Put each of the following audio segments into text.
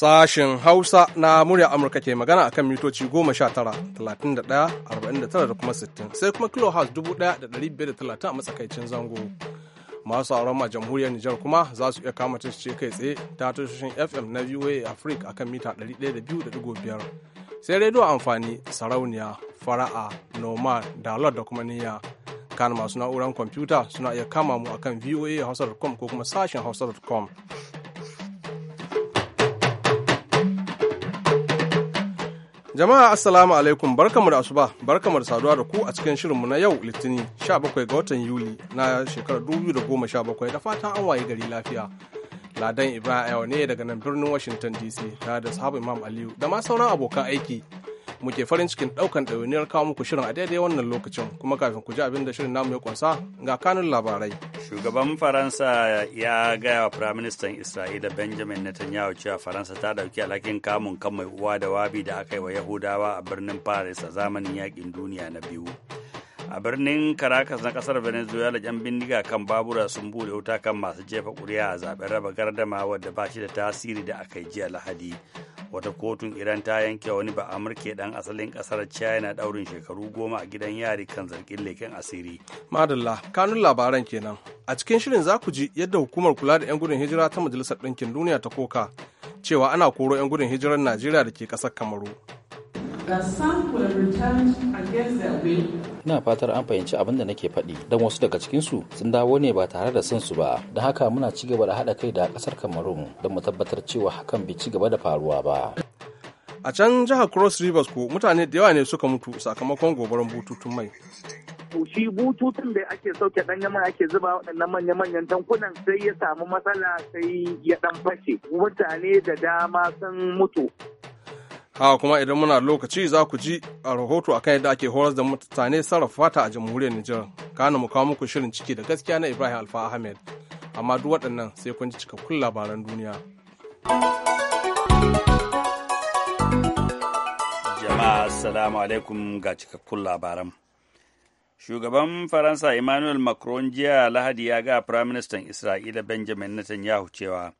Sashen Hausa na murya Amurka ke magana a kan mitoci 19,31,49 da kuma 60 sai kuma kilohertz 1,530 a matsakaicin zango. Masu sauran ma jamhuriyar Nijar kuma za su iya kama ce kai tsaye ta tashoshin FM na VOA Africa a kan mita 102.5. Sai rediyo amfani sarauniya, fara'a, noma, dalar da kuma niyya. Kan masu na'urar kwamfuta suna iya kama mu a kan hausacom ko kuma sashen hausa.com. Jama'a Assalamu alaikum barkamu da asuba barkamu da saduwa da ku a cikin shirinmu na yau Litinin 17 ga watan Yuli na shekarar 2017 da fatan an waye gari lafiya. Ladan Ibrahim ne daga nan birnin Washington DC tare da sahabu Imam Aliyu da ma sauran abokan aiki muke farin cikin ɗaukan ɗawainiyar kawo muku shirin a daidai wannan lokacin kuma kafin ku ji abin da shirin namu ya kunsa ga kanun labarai. Shugaban Faransa ya gaya wa Firaministan Isra'ila Benjamin Netanyahu cewa Faransa ta ɗauki alhakin kamun kan mai uwa da wabi da aka yi wa Yahudawa a birnin Paris a zamanin yakin duniya na biyu. a birnin caracas na kasar venezuela yan bindiga kan babura sun bude wuta kan masu jefa kuri'a a zaben raba gardama wadda ba shi da tasiri da aka yi jiya lahadi wata kotun iran ta yanke wani ba amurke dan asalin kasar china daurin shekaru goma a gidan yari kan zargin leken asiri madalla kanun labaran kenan a cikin shirin za ku ji yadda hukumar kula da yan gudun hijira ta majalisar ɗinkin duniya ta koka cewa ana koro yan gudun hijirar najeriya da ke ƙasar kamaru Ina fatar an fahimci abin da nake faɗi don wasu daga cikinsu sun dawo ne ba tare da sansu ba don haka muna ci gaba da haɗa kai da ƙasar Cameroon don mu tabbatar cewa hakan bai ci gaba da faruwa ba. A can jihar Cross Rivers ko mutane da yawa ne suka mutu sakamakon gobarar bututun mai. shi bututun da ake sauke ɗanyen mai ake zuba waɗannan manya-manyan tankunan sai ya samu matsala sai ya ɗan fashe mutane da dama sun mutu Haka kuma idan muna lokaci za ku ji a rahoto akan yadda ake horar da mutane sarrafa fata a jamhuriyar Nijar. Kana mu kawo muku shirin ciki da gaskiya na Ibrahim Alfa Ahmed. Amma duk waɗannan sai kun ji cikakkun labaran duniya. Jama'a assalamu alaikum ga cikakkun labaran. Shugaban Faransa Emmanuel Macron jiya Lahadi ya ga Firaministan Isra'ila Benjamin Netanyahu cewa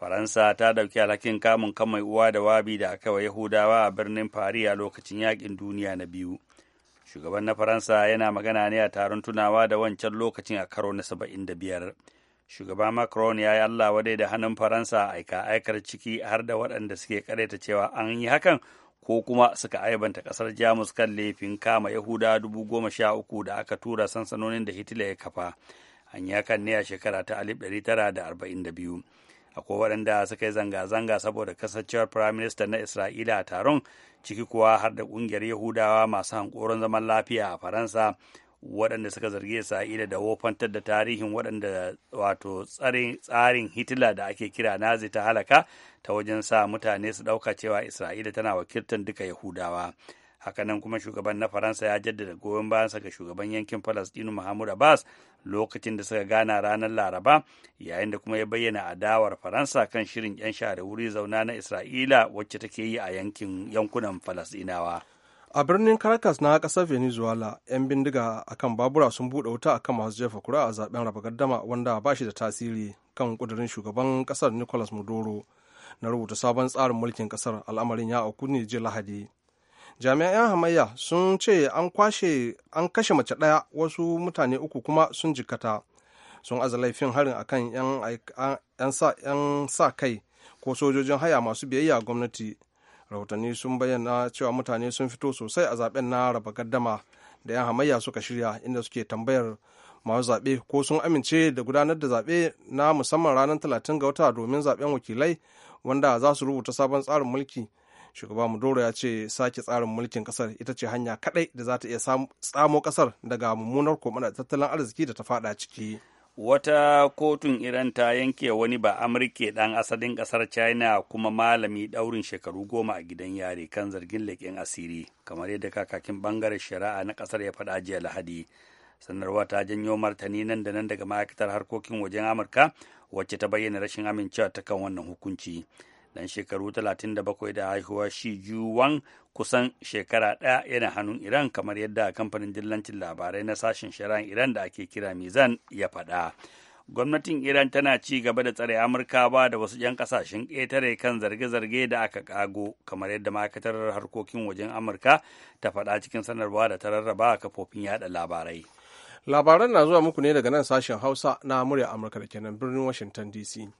Faransa ta ɗauki alhakin kamun kan mai uwa da wabi da aka wa Yahudawa a birnin Paris a lokacin yakin duniya na biyu. Shugaban na Faransa yana magana ne a taron tunawa da wancan lokacin a karo na saba'in da biyar. Shugaba Macron ya yi Allah wadai da hannun Faransa aika aikar ciki har da waɗanda suke kareta cewa an yi hakan ko kuma suka aibanta ƙasar Jamus kan laifin kama yahuda dubu goma sha uku da aka tura sansanonin da Hitler ya kafa. An yi hakan ne a shekara ta alif ɗari tara da arba'in da biyu. akwai waɗanda suka yi zanga-zanga saboda kasancewar firayim minista na isra'ila a taron ciki kuwa har da ƙungiyar yahudawa masu hankoron zaman lafiya a faransa waɗanda suka zargi isra'ila da wofantar da tarihin waɗanda wato tsarin hitila da ake kira nazi ta halaka ta wajen sa mutane su ɗauka cewa isra'ila tana wakiltar duka yahudawa hakanan kuma shugaban na faransa ya jaddada goyon bayansa ga shugaban yankin falastinu mahmud abbas lokacin da suka gana ranar laraba yayin da kuma ya bayyana adawar faransa kan shirin 'yan share wuri zauna na isra'ila wacce take yi a yankin yankunan falastinawa a birnin caracas na kasar venezuela 'yan bindiga akan babura sun buɗe wuta akan masu jefa kura a zaben raba gardama wanda ba shi da tasiri kan kudurin shugaban kasar nicolas maduro na rubuta sabon tsarin mulkin kasar al'amarin ya auku ne jiya lahadi jami'an 'yan hamayya sun ce an kwashe an kashe mace ɗaya wasu mutane uku kuma sun jikkata sun aza laifin harin a kan 'yan sa kai ko sojojin haya masu biyayya gwamnati rahotanni sun bayyana cewa mutane sun fito sosai a zaben na raba gaddama da 'yan hamayya suka shirya inda suke tambayar masu zaɓe ko sun amince da gudanar da zaɓe na musamman ranar 30 ga wata domin zaɓen wakilai wanda za su rubuta sabon tsarin mulki shugaba maduro ya ce sake tsarin mulkin kasar ita ce hanya kadai da za ta iya tsamo kasar daga mummunar komana tattalin arziki da ta fada ciki wata kotun iran ta yanke wani ba amurke dan asalin kasar china kuma malami daurin shekaru goma a gidan yare kan zargin leƙen asiri kamar yadda kakakin bangaren shari'a na kasar ya faɗa jiya lahadi sanarwa ta janyo martani nan da nan daga ma'aikatar harkokin wajen amurka wacce ta bayyana rashin amincewa ta kan wannan hukunci dan shekaru 37 da haihuwa shi juwan kusan shekara ɗaya yana hannun iran kamar yadda kamfanin dillancin labarai na sashen shari'ar iran da ake kira mizan ya faɗa gwamnatin iran tana ci gaba da tsare amurka ba da wasu 'yan kasashen ƙetare kan zarge-zarge da aka kago kamar yadda ma'aikatar harkokin wajen amurka ta faɗa cikin sanarwa da ta rarraba a kafofin yada labarai labaran na zuwa muku ne daga nan sashen hausa na murya amurka da kenan birnin washington dc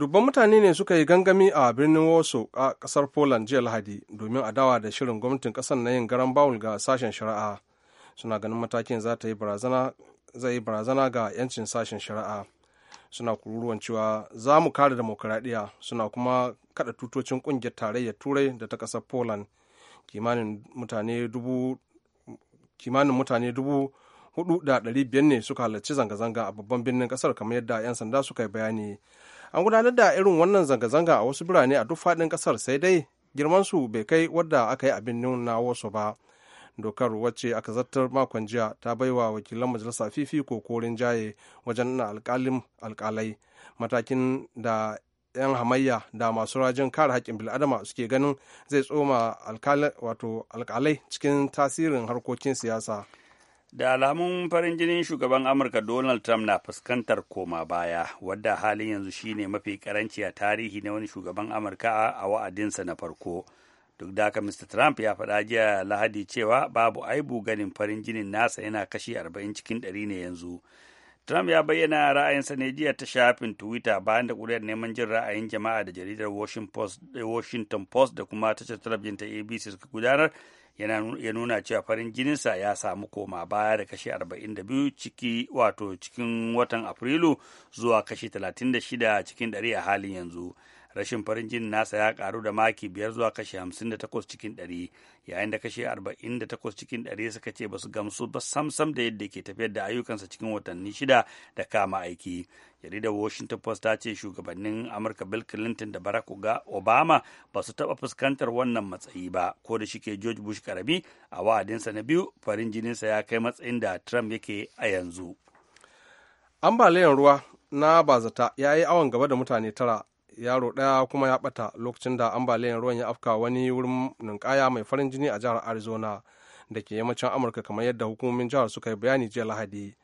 dubban mutane ne suka yi gangami a birnin woso a kasar poland jiya lahadi domin a dawa da shirin gwamnatin kasar na yin garan bawul ga sashen shari'a suna ganin matakin za ta yi barazana barazana ga yancin sashen shari'a suna kururuwan cewa za mu kare demokuraɗiyya suna kuma kada tutocin kungiyar tarayyar turai da ta kasar poland kimanin mutane dubu hudu da ɗari biyar ne suka halarci zanga-zanga a babban birnin kasar kamar yadda 'yan sanda suka yi bayani an gudanar da irin wannan zanga-zanga a wasu birane a duk faɗin ƙasar sai dai girman su bai kai wadda aka yi abin nuna wasu ba dokar wacce aka zartar makon jiya ta baiwa wakilan majalisa fifi ko jaye wajen na alkalin alkalai matakin da 'yan hamayya da masu rajin kare haƙƙin bil'adama suke ganin zai tsoma alkalai cikin tasirin harkokin siyasa da alamun farin jinin shugaban amurka donald trump na fuskantar koma baya wadda halin yanzu shine mafi karanci a tarihi na wani shugaban amurka a wa'adinsa na farko duk da haka mr trump ya faɗa jiya lahadi cewa babu aibu ganin farin jinin nasa yana kashi 40 cikin 100 ne yanzu trump ya bayyana ra'ayinsa ne jiya ta shafin twitter bayan da ƙuri'ar neman jin ra'ayin jama'a da jaridar washington post eh, da kuma tashar talabijin ta abc suka gudanar ya nuna cewa farin jininsa ya samu koma baya da kashi 42 ciki wato cikin watan afrilu zuwa kashi 36 cikin dari a halin yanzu rashin farin jinin nasa ya karu da maki biyar zuwa kashi 58 cikin 100 yayin da kashi 48 cikin 100 suka ce ba su gamsu ba samsam da yadda ke tafiyar da ayyukansa cikin watanni shida da kama aiki jaridar washington post ta ce shugabannin amurka bill clinton da barack obama ba su taɓa fuskantar wannan matsayi ba ko da shike george bush karami a wa'adinsa na biyu farin jininsa ya kai matsayin da trump yake a yanzu ambaliyar ruwa na bazata ya yi awon gaba da mutane tara yaro ɗaya kuma ya ɓata lokacin da ambaliyar ruwan ya afka wani wurin ninkaya mai farin jini a jihar arizona da ke yammacin amurka kamar yadda hukumomin jihar suka yi bayani jiya lahadi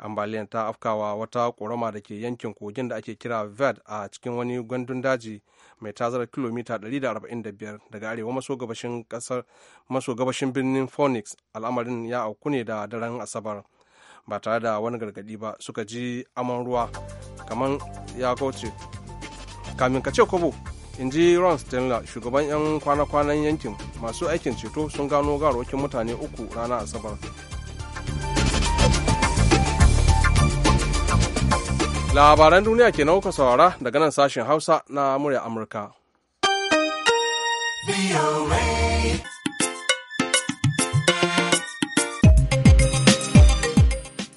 ambaliyar ta afkawa wata ƙorama da ke yankin kogin da ake kira ved a cikin wani gandun daji mai tazarar kilomita 145 daga arewa maso gabashin kasar maso gabashin birnin phoenix al'amarin ya auku ne da daren asabar ba tare da wani gargadi ba suka ji aman ruwa kamar ya kauce kamin kace kobo in ji ron stanley shugaban 'yan kwana-kwanan yankin masu aikin ceto sun gano garwakin mutane uku rana asabar labaran duniya ke nauka saurara daga nan sashen hausa na murya amurka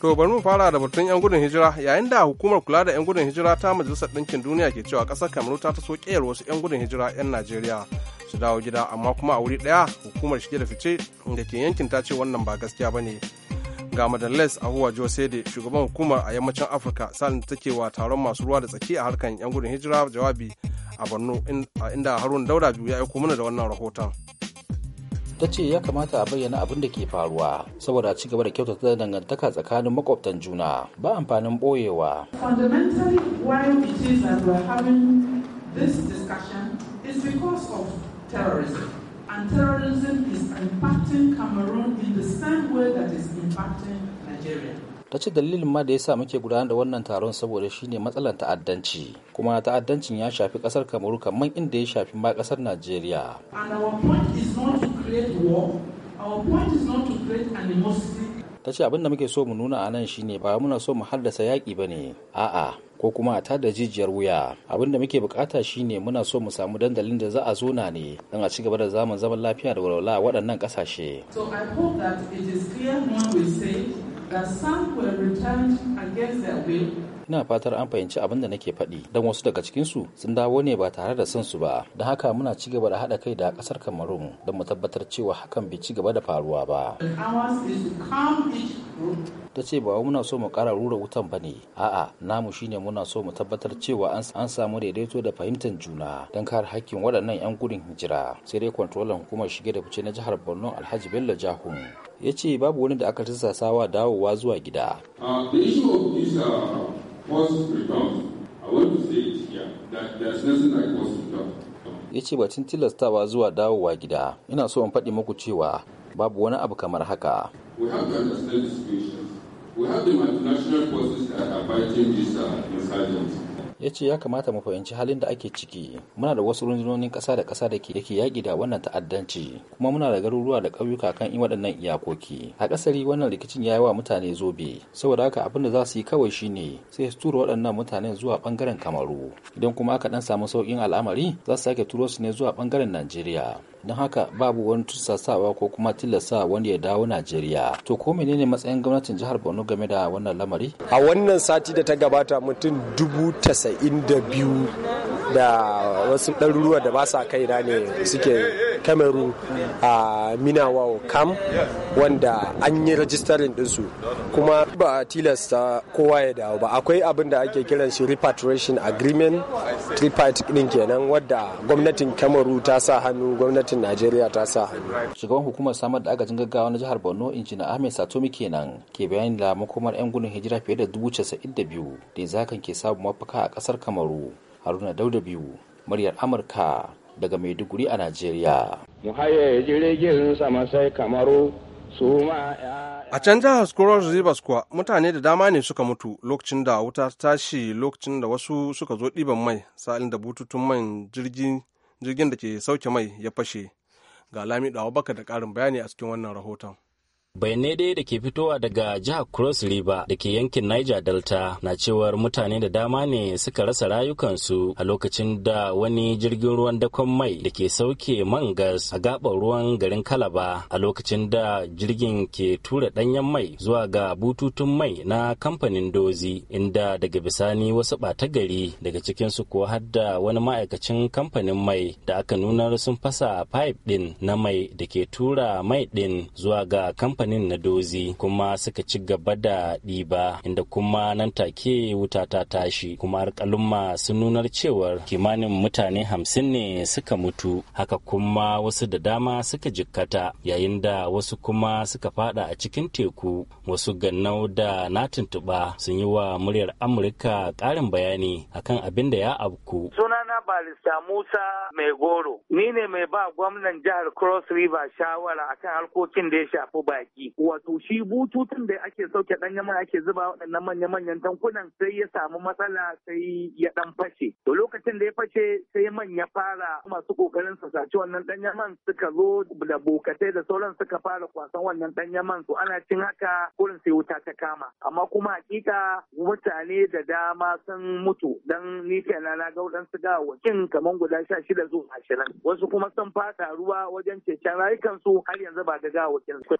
To bari mu fara da batun 'yan gudun hijira yayin da hukumar kula da 'yan gudun hijira ta Majalisar Ɗinkin Duniya ke cewa ƙasar Kamaru ta taso ƙeyar wasu 'yan gudun hijira 'yan Najeriya su dawo gida amma kuma a wuri ɗaya hukumar shige da fice da ke yankin ta ce wannan ba gaskiya ba ne ga madalles ahuwa josede shugaban hukumar a yammacin afirka salin da take wa taron masu ruwa da tsaki a harkar yan gudun hijira jawabi a borno inda harun daura biyu ya aiko mana da wannan rahoton ta ce ya kamata a bayyana abin da ke faruwa saboda ci gaba da kyautata dangantaka tsakanin makwabtan juna ba amfanin boyewa this discussion is because of terrorism and terrorism is impacting Cameroon in the same way that is impacting Nigeria. ta ce dalilin ma da ya sa muke gudanar da wannan taron saboda shine matsalar ta'addanci kuma ta'addancin ya shafi kasar kamaru kamar inda ya shafi ma kasar najeriya ta ce abin da muke so mu nuna a nan shine ba muna so mu haddasa yaƙi ba ne a'a ko kuma a tada jijiyar wuya abin da muke bukata shine muna so mu samu dandalin da za a zona ne don a ci gaba da zaman zaman lafiya da walwala a waɗannan ƙasashe. that some were returned against their will ina fatar an fahimci abin da nake faɗi don wasu daga cikinsu sun dawo ne ba tare da son su ba don haka muna ci gaba da haɗa kai da ƙasar kamarun don mu tabbatar cewa hakan bai ci gaba da faruwa ba ta ce ba muna so mu kara rura wutan ba ne a'a namu shine muna so mu tabbatar cewa an samu daidaito da fahimtar juna don kare hakkin waɗannan 'yan gudun hijira sai dai kwantrolan hukumar shige da fice na jihar borno alhaji bello jahun ya ce babu wani da aka tasasawa dawowa zuwa gida uh, ya ce batun tilastawa zuwa dawowa gida ina so in faɗi muku cewa babu wani abu kamar haka We have the multinational forces that are fighting uh, ya ce ya kamata mu fahimci halin da ake ciki muna da wasu rundunonin kasa da kasa da ke yake yaƙi da wannan ta'addanci kuma muna da garuruwa da ƙauyuka kan in waɗannan iyakoki a ƙasari wannan rikicin ya yi wa mutane zobe saboda haka abin da za su yi kawai shine sai su tura waɗannan mutanen zuwa ɓangaren kamaru idan kuma aka ɗan samu sauƙin al'amari za su sake turo su ne zuwa ɓangaren najeriya don haka babu wani tursasawa ko kuma tilasta wani ya dawo najeriya to ko menene matsayin gwamnatin jihar borno game da wannan lamari a wannan sati da ta gabata mutum dubu tasa'in da biyu da wasu ɗaruruwa da ba sa kaina ne suke kamaru a minawa kam wanda an yi rajistarin dinsu kuma ba a tilasta kowa ya dawo ba akwai abin da ake kiran shi repatriation agreement tripartite din kenan wadda gwamnatin kamaru ta sa hannu gwamnatin najeriya ta sa hannu shugaban hukumar samar da agajin gaggawa na jihar borno injina ahmed satomi kenan ke bayanin da makomar 'yan gudun hijira fiye da dubu casa'in da biyu da zakan ke samun mafaka a kasar kamaru haruna dauda biyu muryar amurka daga Maiduguri a Najeriya. Mu jirgin sai A can jihar Squirrel Rivers kuwa mutane da dama ne suka mutu lokacin da wuta ta tashi lokacin da wasu suka zo ɗiban mai sa'in da bututun man jirgin da ke sauke mai ya fashe. Ga Lamido baka da ƙarin bayani a cikin wannan rahoton. bayanai dai da ke fitowa daga jihar cross river da ke yankin niger delta na cewar mutane da dama ne suka rasa rayukansu a lokacin da wani jirgin ruwan dakon mai da ke sauke man gas a gaɓar ruwan garin kalaba a lokacin da jirgin ke tura ɗanyen mai zuwa ga bututun mai na kamfanin dozi inda daga bisani wasu ɓata gari daga cikinsu ko har da wani ma'aikacin kamfanin mai da aka nunar sun fasa pipe din na mai da ke tura mai din zuwa ga kamfanin kamfanin na dozi kuma suka ci gaba da ɗiba inda kuma nan take wuta ta tashi kuma alƙalumma sun nunar cewar kimanin mutane hamsin ne suka mutu haka kuma wasu da dama suka jikkata yayin da wasu kuma suka fada a cikin teku wasu gannau da na tuntuɓa sun yi wa muryar amurka ƙarin bayani akan abin da ya abku sunana barista musa mai goro ni ne mai ba gwamnan jihar cross river shawara akan harkokin da ya shafi baki baki wato shi bututun da ake sauke dan yaman ake zuba waɗannan manya-manyan tankunan sai ya samu matsala sai ya dan fashe to lokacin da ya fashe sai man ya fara masu kokarin su saci wannan dan yaman suka zo da bokatai da sauran suka fara kwasan wannan dan yaman to ana cin haka kurin sai wuta ta kama amma kuma hakika mutane da dama sun mutu dan ni kenan na ga waɗansu kamar guda sha shida zuwa ashirin wasu kuma sun fada ruwa wajen cecen su har yanzu ba da kin su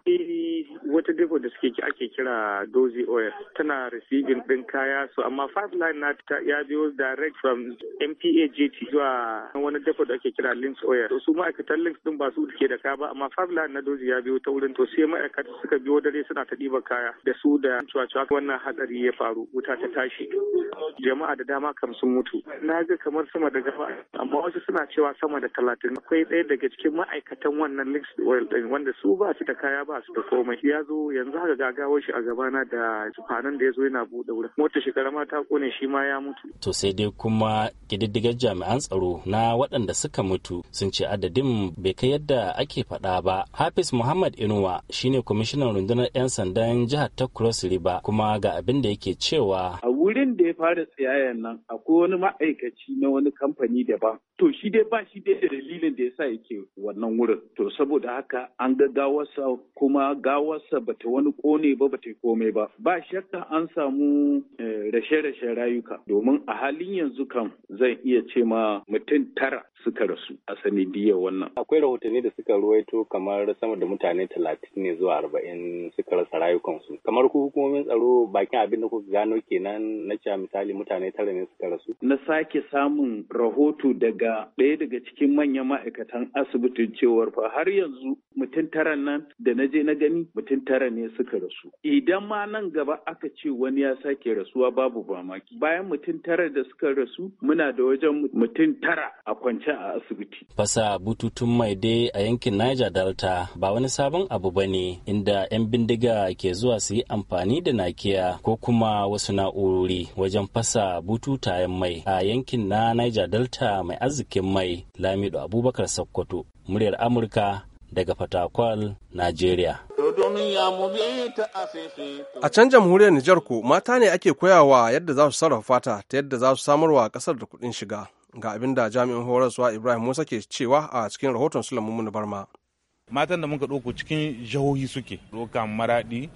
wata depo da suke ake kira dozi oil tana receiving din kaya su amma five line na ta ya biyo direct from MPA JT zuwa wani depo da ake kira links oil su ma'aikatan links din ba su ke da kaya ba amma five line na dozi ya biyo ta wurin to sai ma'aikata suka biyo dare suna ta ɗiba kaya da su da cuwa wannan hatsari ya faru wuta ta tashi jama'a da dama kam sun mutu na ga kamar sama da gaba amma wasu suna cewa sama da talatin akwai ɗaya daga cikin ma'aikatan wannan links oil din wanda su ba su da kaya ba su da komai ya zo yanzu haka gagawar shi a gabana da jifanan da ya zo yana buɗe wurin mota shi karama ta kone shi ma ya mutu to sai dai kuma kididdigar jami'an tsaro na waɗanda suka mutu sun ce adadin bai kai yadda ake faɗa ba hafiz muhammad inuwa shine kwamishinan rundunar 'yan sandan jihar ta cross river kuma ga abin da yake cewa a wurin da ya fara tsayayen nan akwai wani ma'aikaci na wani kamfani daban to shi dai ba shi dai da dalilin da yasa yake wannan wurin to saboda haka an ga gawarsa kuma gawarsa ba ta wani kone ba ba ta yi komai ba ba shakka an samu eh, rashe-rashen rayuka domin a halin yanzu kam zan iya ce ma mutum tara suka rasu a sanidiyar wannan. Akwai rahotanni da suka ruwaito kamar sama da mutane talatin ne zuwa arba'in suka rasa rayukansu. Kamar ku hukumomin tsaro bakin abin da kuka gano kenan na cewa misali mutane tara ne suka rasu. Na sake samun rahoto daga ɗaya daga cikin manyan ma'aikatan asibitin cewar fa har yanzu mutum tara nan da na je na gani mutum tara ne suka rasu. Idan ma nan gaba aka ce wani ya sake rasuwa babu mamaki. Bayan mutum tara da suka rasu muna da wajen mutum tara a kwance a asibiti. Fasa bututun mai dai a yankin Niger Delta ba wani sabon abu ba ne inda 'yan bindiga ke zuwa su yi amfani da nakiya ko kuma wasu na'urori wajen fasa bututayen mai a yankin na Niger Delta mai arzikin mai Lamido Abubakar Sokoto. Muryar Amurka daga Fatakwal, Najeriya. A can jamhuriyar Nijar ko mata ne ake koyawa yadda za su sarrafa ta ta yadda za su samarwa kasar da kuɗin shiga. ga abin da jami'in horaswa ibrahim musa ke cewa a cikin rahoton sulaiman barma matan da muka ɗauko cikin jihohi suke ɗaukan maraɗi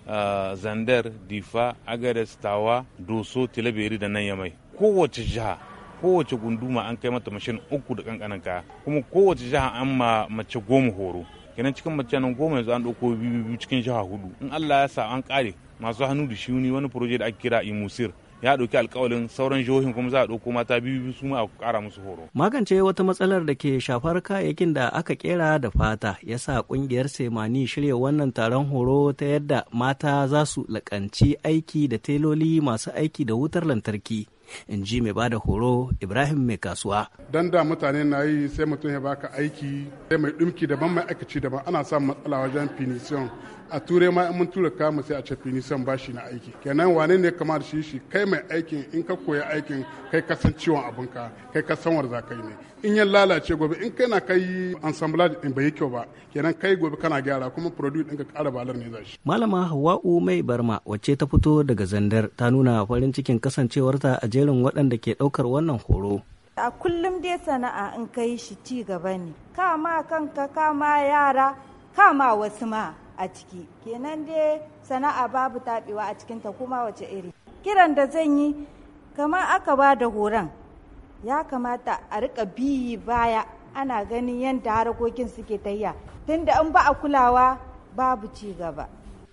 zandar difa agares tawa doso tilaberi da nan yamai kowace jiha kowace gunduma an kai mata mashin uku da kankanin kaya kuma kowace jiha an ma mace goma horo kenan cikin mace nan goma yanzu an ɗauko biyu cikin jiha hudu in allah ya sa an ƙare masu hannu da shi wani wani da ake kira imusir ya ɗauki alkawalin sauran jihohin kuma za a ɗauko mata biyu su ma a ƙara musu horo. Magance wata matsalar da ke shafar kayayyakin da aka kera da fata ya sa ƙungiyar Semani shirya wannan taron horo ta yadda mata za su laƙanci aiki da teloli masu aiki da wutar lantarki. In ji mai bada horo Ibrahim mai kasuwa. Dan da mutane na yi sai mutum ya baka aiki sai mai ɗumki daban mai aikaci daban ana samun matsala wajen finisiyon a ture ma mun tura kama sai a ce ba bashi na aiki kenan wane ne kamar shi shi kai mai aikin in ka koya aikin kai ka san ciwon ka kai ka san warza ne in ya lalace gobe in kai na kai ensemble in bai kyau ba kenan kai gobe kana gyara kuma din ka kara balar ne zashi shi malama hawa'u mai barma wacce ta fito daga zandar ta nuna farin cikin kasancewarta a jerin waɗanda ke ɗaukar wannan horo a kullum dai sana'a in kai shi ci gaba ne kama kanka kama yara kama wasu ma a ciki kenan dai sana'a babu taɓewa a cikinta kuma wace iri kiran da zan yi kamar aka ba da horon ya kamata a rika biyi baya ana ganin yadda harakokin suke tayya tunda in ba a kulawa babu ci gaba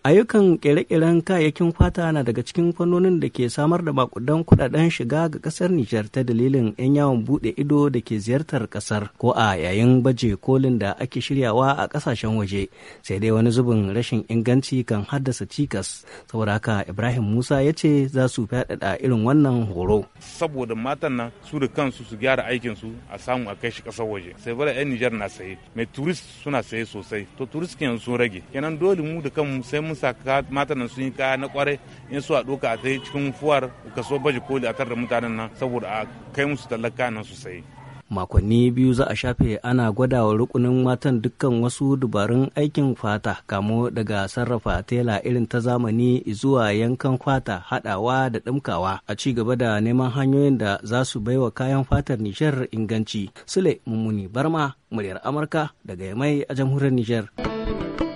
ayyukan kere-keren kayayyakin fata na daga cikin fannonin da ke samar da makudan kudaden shiga ga kasar Nijar ta dalilin 'yan yawon bude ido da ke ziyartar ƙasar. ko a yayin baje kolin da ake shiryawa a kasashen waje sai dai wani zubin rashin inganci kan haddasa cikas saboda haka Ibrahim Musa ya ce za su fadada irin wannan horo. Saboda matan nan su da kansu su gyara aikin su a samu a kai shi kasar waje sai bala 'yan Nijar na saye mai turist suna saye sosai to turist kenan sun rage kenan dole mu da kanmu sai mun mun mata matan nan sun yi kaya na kwarai in su a doka a tai cikin fuwar kaso baje koli a tar da mutanen nan saboda a kai musu talaka nan su sayi makonni biyu za a shafe ana gwadawa rukunin matan dukkan wasu dubarun aikin fata kamo daga sarrafa tela irin ta zamani zuwa yankan fata hadawa da ɗimkawa a ci gaba da neman hanyoyin da za su baiwa kayan fatar nijar inganci sule mummuni barma muryar amurka daga yamai a jamhuriyar nijar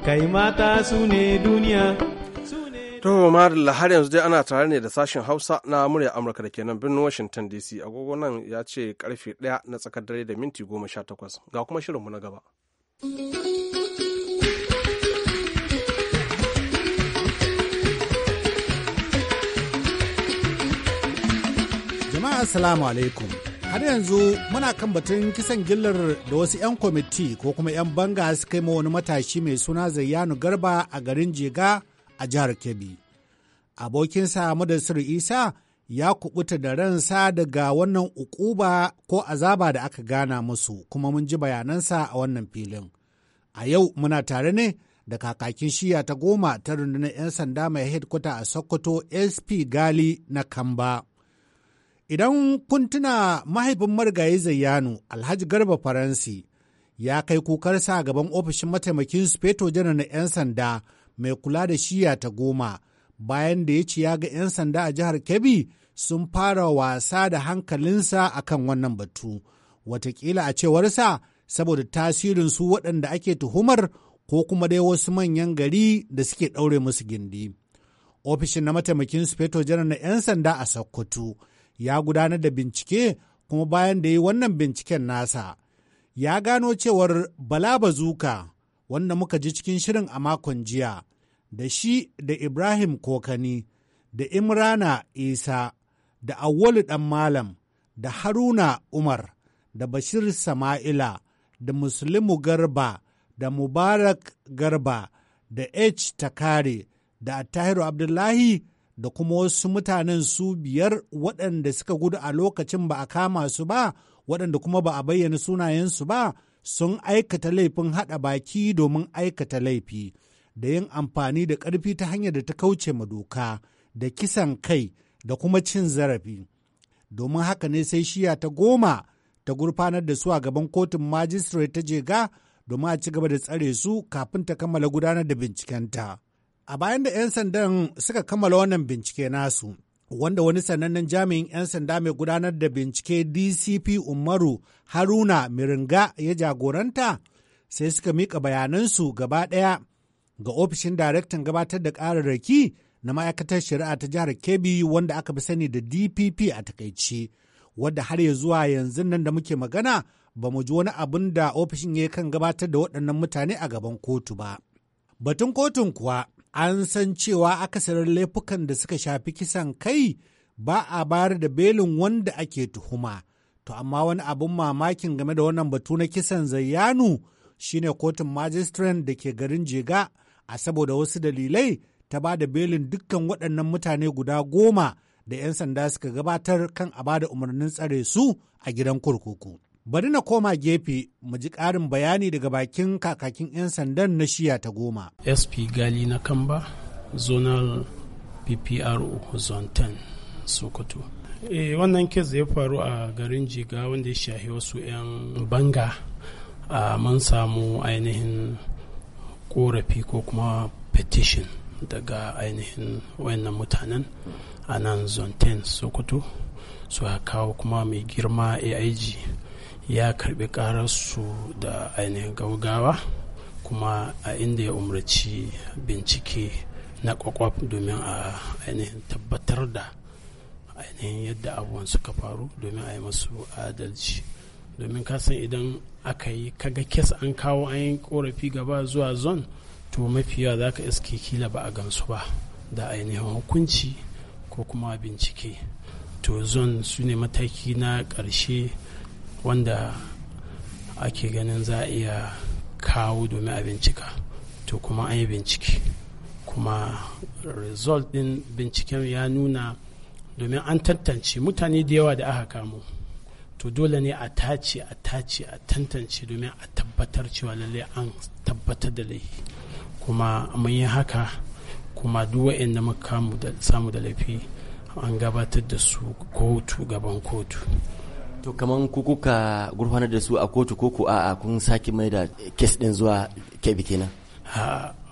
kai mata su ne duniya To la, har yanzu dai ana tare ne da sashen Hausa na murya Amurka da kenan birnin Washington DC agogo nan ya ce karfe 1 na tsakar dare da minti 18 ga kuma shirinmu na gaba. Jama'a Assalamu alaikum. har yanzu muna kan batun kisan gillar da wasu 'yan kwamiti ko kuma 'yan banga suka yi wani matashi mai suna zayyanu garba a garin jega a jihar kebbi abokinsa madasir isa ya kubuta da ransa daga wannan ukuba ko azaba da aka gana musu kuma mun ji bayanansa a wannan filin a yau muna tare ne da kakakin shiya ta goma ta rundunar 'yan sanda mai hedkwata a sokoto sp gali na kamba Idan kun tuna mahaifin marigayi Zayyano Alhaji Garba Faransi ya kai kukarsa a gaban ofishin mataimakin Sufeto janar na 'yan sanda mai kula da shiya ta goma bayan da ya ci ya ga 'yan sanda a jihar Kebbi sun fara wasa da hankalinsa a kan wannan batu. Watakila a cewarsa saboda tasirin su waɗanda ake tuhumar ko kuma dai wasu manyan gari da suke ɗaure musu gindi. Ofishin na mataimakin Sufeto janar na 'yan sanda a Sokoto ya gudanar da bincike kuma bayan da ya yi wannan binciken nasa ya gano cewar bala bazuka wanda muka ji cikin shirin a makon jiya da shi da ibrahim kokani da imrana isa da awwalu dan malam da haruna umar da bashir sama'ila da muslimu garba da mubarak garba da h takare da attahiru abdullahi da kuma wasu mutanen su biyar waɗanda suka gudu a lokacin ba a kama su ba waɗanda kuma ba a bayyana sunayensu ba sun aikata laifin haɗa baki domin aikata laifi da yin amfani da ƙarfi ta hanyar da ta kauce ma doka da kisan kai da kuma cin zarafi domin haka ne sai shiya ta goma ta gurfanar da su a gaban kotun majistare ta jega domin a ci gaba da tsare su kafin ta kammala gudanar da bincikenta. A bayan da 'yan sandan suka kammala wannan bincike nasu, wanda wani sanannen jami'in 'yan sanda mai gudanar da bincike DCP Umaru Haruna Miringa ya jagoranta, sai suka mika bayanansu gaba ɗaya ga ofishin daraktan gabatar da kararraki na ma'aikatar shari'a ta jihar Kebbi wanda aka fi sani da DPP a takaici, wadda har ya zuwa yanzu nan da muke magana ba mu ji wani abin da ofishin ya kan gabatar da waɗannan mutane a gaban kotu ba. Batun kotun kuwa an san cewa akasarin laifukan da suka shafi kisan kai ba a bayar da belin wanda ake tuhuma. To amma wani abin mamakin game da wannan batu na kisan zayyanu shine kotun majistiran da ke garin Jega a saboda wasu dalilai ta ba da belin dukkan waɗannan mutane guda goma da 'yan sanda suka gabatar kan a ba da umarnin tsare su a gidan kurkuku. Bari na koma gefe mu ji ƙarin bayani daga bakin kakakin 'yan sandan na shiya ta goma. SP Gali na Kamba, Zonal PPRO Zone 10, Sokoto. E, wannan kes ya faru a garin Jiga wanda ya shahi wasu 'yan banga a man samu ainihin korafi ko kuma petition daga ainihin wayannan mutanen a nan 10 sokoto su kawo kuma mai girma aig ya karbi su da ainihin gaugawa kuma a inda ya umarci bincike na kwakwaf domin a ainihin tabbatar da ainihin yadda abubuwan suka faru domin a yi masu adalci domin kasan idan aka yi kaga kes an kawo an yi korafi gaba zuwa zon to mafiya za ka iske kila ba a gamsu ba da ainihin hukunci ko kuma bincike to zon su ne mataki na ƙarshe wanda ake ganin za a iya kawo domin a bincika to kuma an yi bincike kuma result din binciken ya nuna domin an tantance mutane da yawa da aka kamo to dole ne a tace a tace a tantance domin a tabbatar cewa lallai an tabbatar da laifi kuma mun yi haka kuma duk waɗanda muka samu da laifi an gabatar da su kotu gaban kotu to kaman ku kuka gurfanar da su a kotu ko ku a'a kun sake mai da kes din zuwa kebi kenan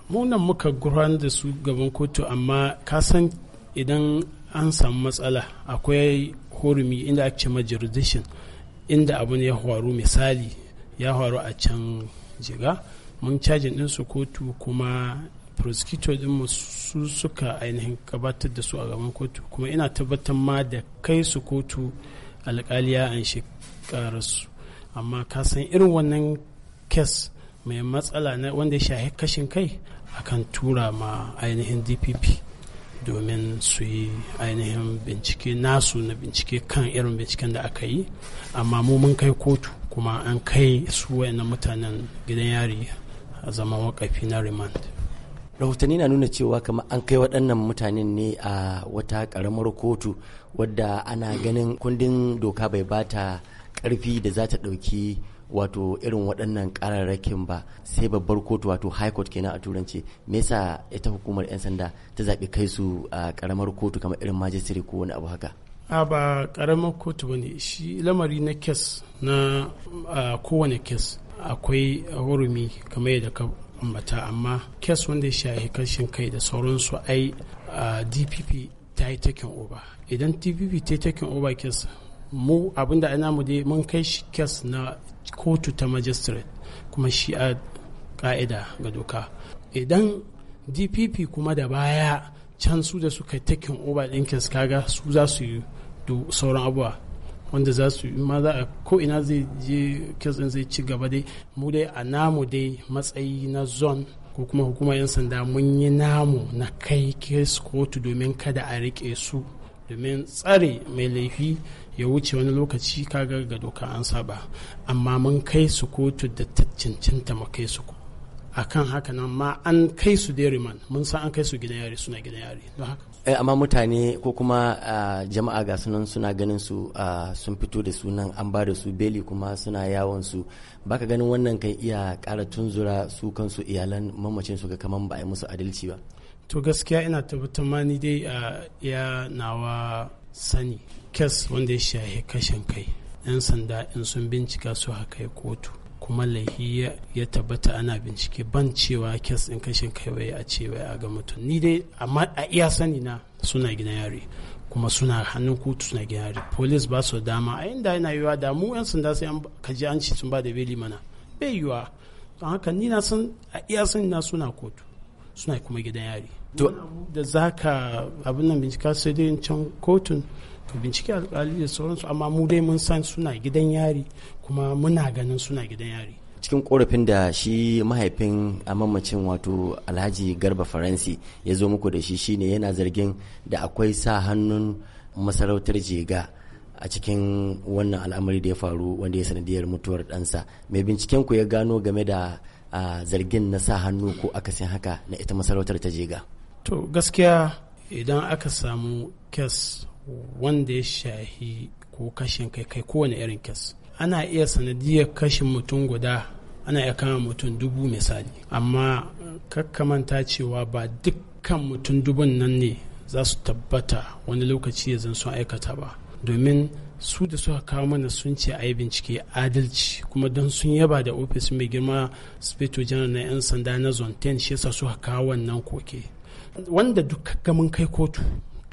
mu nan muka gurfanar da su gaban kotu amma ka san idan an samu matsala akwai horumi inda ake ma jurisdiction inda abin ya faru misali ya faru a can jiga mun cajin din su kotu kuma prosecutor din su suka ainihin gabatar da su a gaban kotu kuma ina tabbatar ma da kai su kotu alkali ya an shi karasu amma ka san irin wannan kes mai matsala na wanda ya shahi kashin kai akan tura ma ainihin dpp domin su yi ainihin bincike nasu na bincike kan irin binciken da aka yi amma mu mun kai kotu kuma an kai su wayannan mutanen gidan yari a zaman wakafi na remand rahotanni na nuna cewa kamar an kai waɗannan mutanen ne a wata ƙaramar kotu wadda ana ganin kundin doka bai bata ƙarfi da za ta ɗauki wato irin waɗannan ƙararrakin ba sai babbar kotu wato high court kenan a turanci me yasa ita hukumar 'yan sanda ta zaɓi kai su a ƙaramar kotu kamar irin majistare ko wani abu haka a ba ƙaramar kotu ba ne shi lamari na kes na kowane kes akwai hurumi kamar yadda ambata amma kes wanda ya shahi kashin kai da sauransu ai dpp ta yi taken oba idan dpp ta yi taken oba kes mu abinda ana mu dai mun kai shi kes na kotu ta magistrate kuma shi a ka'ida ga doka idan dpp kuma da baya can su da suka taken oba ɗin kes kaga su za su yi sauran abubuwa wanda za su ma za a ko ina zai je kitsin zai ci gaba dai mu dai a namu dai matsayi na zon ko kuma hukumar 'yan sanda mun yi namu na kai kes kotu domin kada a rike su domin tsare mai laifi ya wuce wani lokaci kaga ga doka an saba amma mun kai su kotu da ta cancanta mu kai su akan haka nan ma an kai su deriman mun san an kai su gidan yare suna gidan yare don haka Eh, amma mutane ko kuma jama'a ga sunan suna ganin su sun fito da sunan an ba da su beli kuma suna yawon su baka ganin wannan kan iya kara tunzura su kansu iyalan mamacin su ga kaman ba a musu adalci ba to gaskiya ina tabbatar ma ni dai a ya nawa sani kes wanda ya shahi kashin kai yan sanda in sun bincika su haka kotu kuma laifi ya tabbata ana bincike ban cewa kes ɗin kashin kai wai a ce a ga mutum ni dai amma a iya sani na suna gina yare kuma suna hannun kotu suna gina yare polis ba su dama a inda yana yiwa da mu yan sanda sai an kaji an ci sun ba da beli mana bai yiwa don haka ni na san a iya sani na suna kotu suna kuma gidan yari da zaka abin nan bincika sai dai can kotun to bincike alkali da sauransu amma mu dai mun san suna gidan yari kuma muna ganin suna gidan yari cikin korafin da shi mahaifin mamacin wato alhaji garba faransi ya zo muku da shi shine yana zargin da akwai sa hannun masarautar jega a cikin wannan al'amari da ya faru wanda ya sanadiyar mutuwar ɗansa mai binciken ku ya gano game da zargin na sa hannu ko akasin haka na ita masarautar ta jega to gaskiya idan aka samu kes wanda ya shahi ko kashin kai kai kowane irin kes ana iya sanadiyar kashin mutum guda ana iya kama mutum dubu misali amma kakkamanta cewa ba dukkan mutum dubun nan ne za su tabbata wani lokaci ya zan sun aikata ba domin su da suka kawo mana sun ce a yi bincike adalci kuma don sun yaba da ofis mai girma speto janar na 'yan sanda na zonten shi yasa suka kawo wannan koke wanda duk mun kai kotu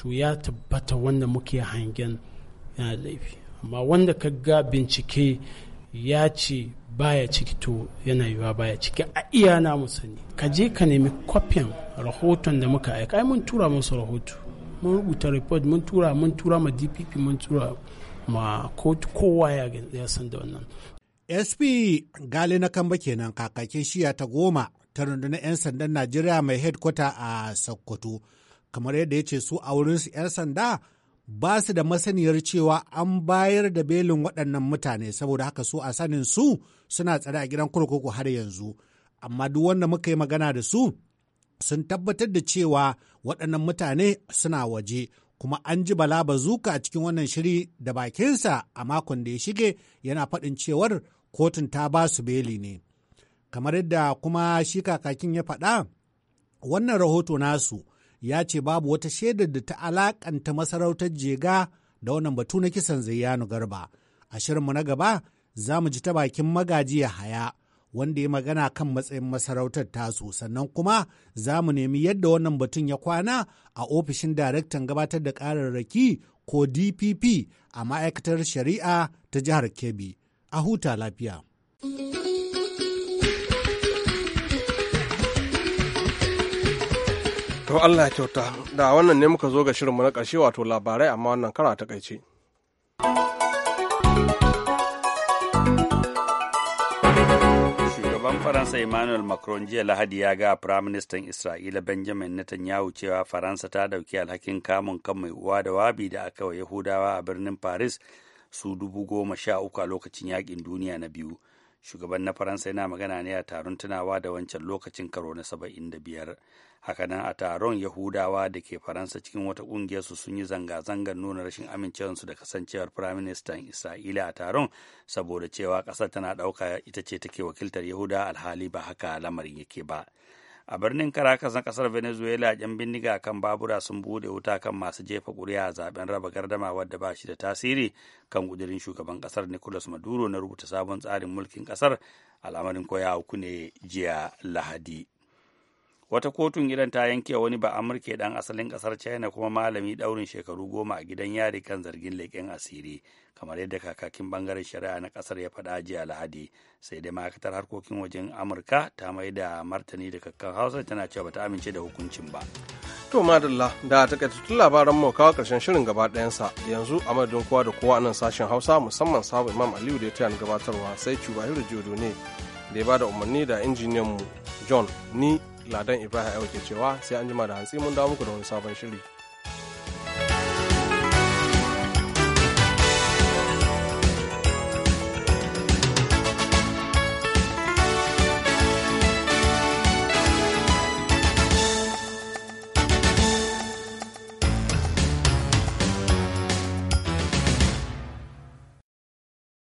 to ya tabbata wanda muke hangen yana laifi amma wanda ka ga bincike ya ce baya ciki to yana yiwa baya ciki a iya na mu sani ka je ka nemi kwafin rahoton da muka aika ai mun tura musu rahoto mun rubuta report mun tura mun tura ma dpp mun tura ma kotu kowa ya san da wannan sp gali na kamba kenan kakakin shiya ta goma ta rundunar 'yan sandan najeriya mai headquarter a sokoto kamar yadda ya ce su a wurinsu 'yan sanda ba su da masaniyar cewa an bayar da belin waɗannan mutane saboda haka su a sanin su suna tsare a gidan kurkuku har yanzu amma duk wanda muka yi magana da su sun tabbatar da cewa waɗannan mutane suna waje kuma an ji bala bazuka a cikin wannan shiri da bakinsa a makon da ya shige yana faɗin cewar kotun ta ba su beli ne kamar yadda kuma shi kakakin ya faɗa wannan rahoto nasu ya ce babu wata shaidar da ta alakanta masarautar jega da wannan batu na kisan zayyanu garba a shirinmu na gaba za mu ji ta bakin magaji ya haya wanda ya magana kan matsayin masarautar tasu sannan kuma za mu nemi yadda wannan batun ya kwana a ofishin daraktan gabatar da ƙararraki ko dpp a ma'aikatar shari'a ta jihar kebbi a huta lafiya. To Allah kyauta, da wannan ne muka zo ga shirinmu na ƙarshe wato labarai amma wannan kara ta kaice. Shugaban Faransa Emmanuel Macron jiya Lahadi ya ga Firaministan Isra'ila Benjamin Netanyahu cewa Faransa ta dauki alhakin kamun kan mai uwa da wabi da aka wa Yahudawa a birnin Paris su dubu goma sha uku a lokacin yakin duniya na biyu. shugaban na faransa yana magana ne a taron tunawa da wancan lokacin karo na 75 hakanan a taron yahudawa da ke faransa cikin wata kungiyar su sun yi zanga-zangar nuna rashin amincewarsu da kasancewar firaministan isra'ila a taron saboda cewa ƙasar tana ɗauka ita ce take wakiltar yahuda alhali ba haka lamarin yake ba a birnin karakas na kasar Venezuela yan bindiga kan babura sun bude wuta kan masu jefa ƙuri'a a zaben raba gardama wadda ba shi da tasiri kan kudirin shugaban kasar Nicolas Maduro na rubuta sabon tsarin mulkin kasar al'amarin koya uku ne jiya Lahadi. wata kotun gidan ta yanke wani ba amurke dan asalin kasar china kuma malami daurin shekaru goma a gidan yari kan zargin leƙen asiri kamar yadda kakakin bangaren shari'a na kasar ya faɗa jiya lahadi sai dai ma'aikatar harkokin wajen amurka ta mai da martani da kakkan hausa tana cewa bata amince da hukuncin ba to madalla da tun labaran mu kawo karshen shirin gaba ɗayansa yanzu a madadin kowa da kowa nan sashen hausa musamman sabo imam aliyu da ya tayar gabatarwa sai hiru jodo ne da ya bada umarni da injiniyan mu john ni Ladan Ibrahim Ayo cewa sai an jima da hantsi mun dawo muku da wani sabon shiri.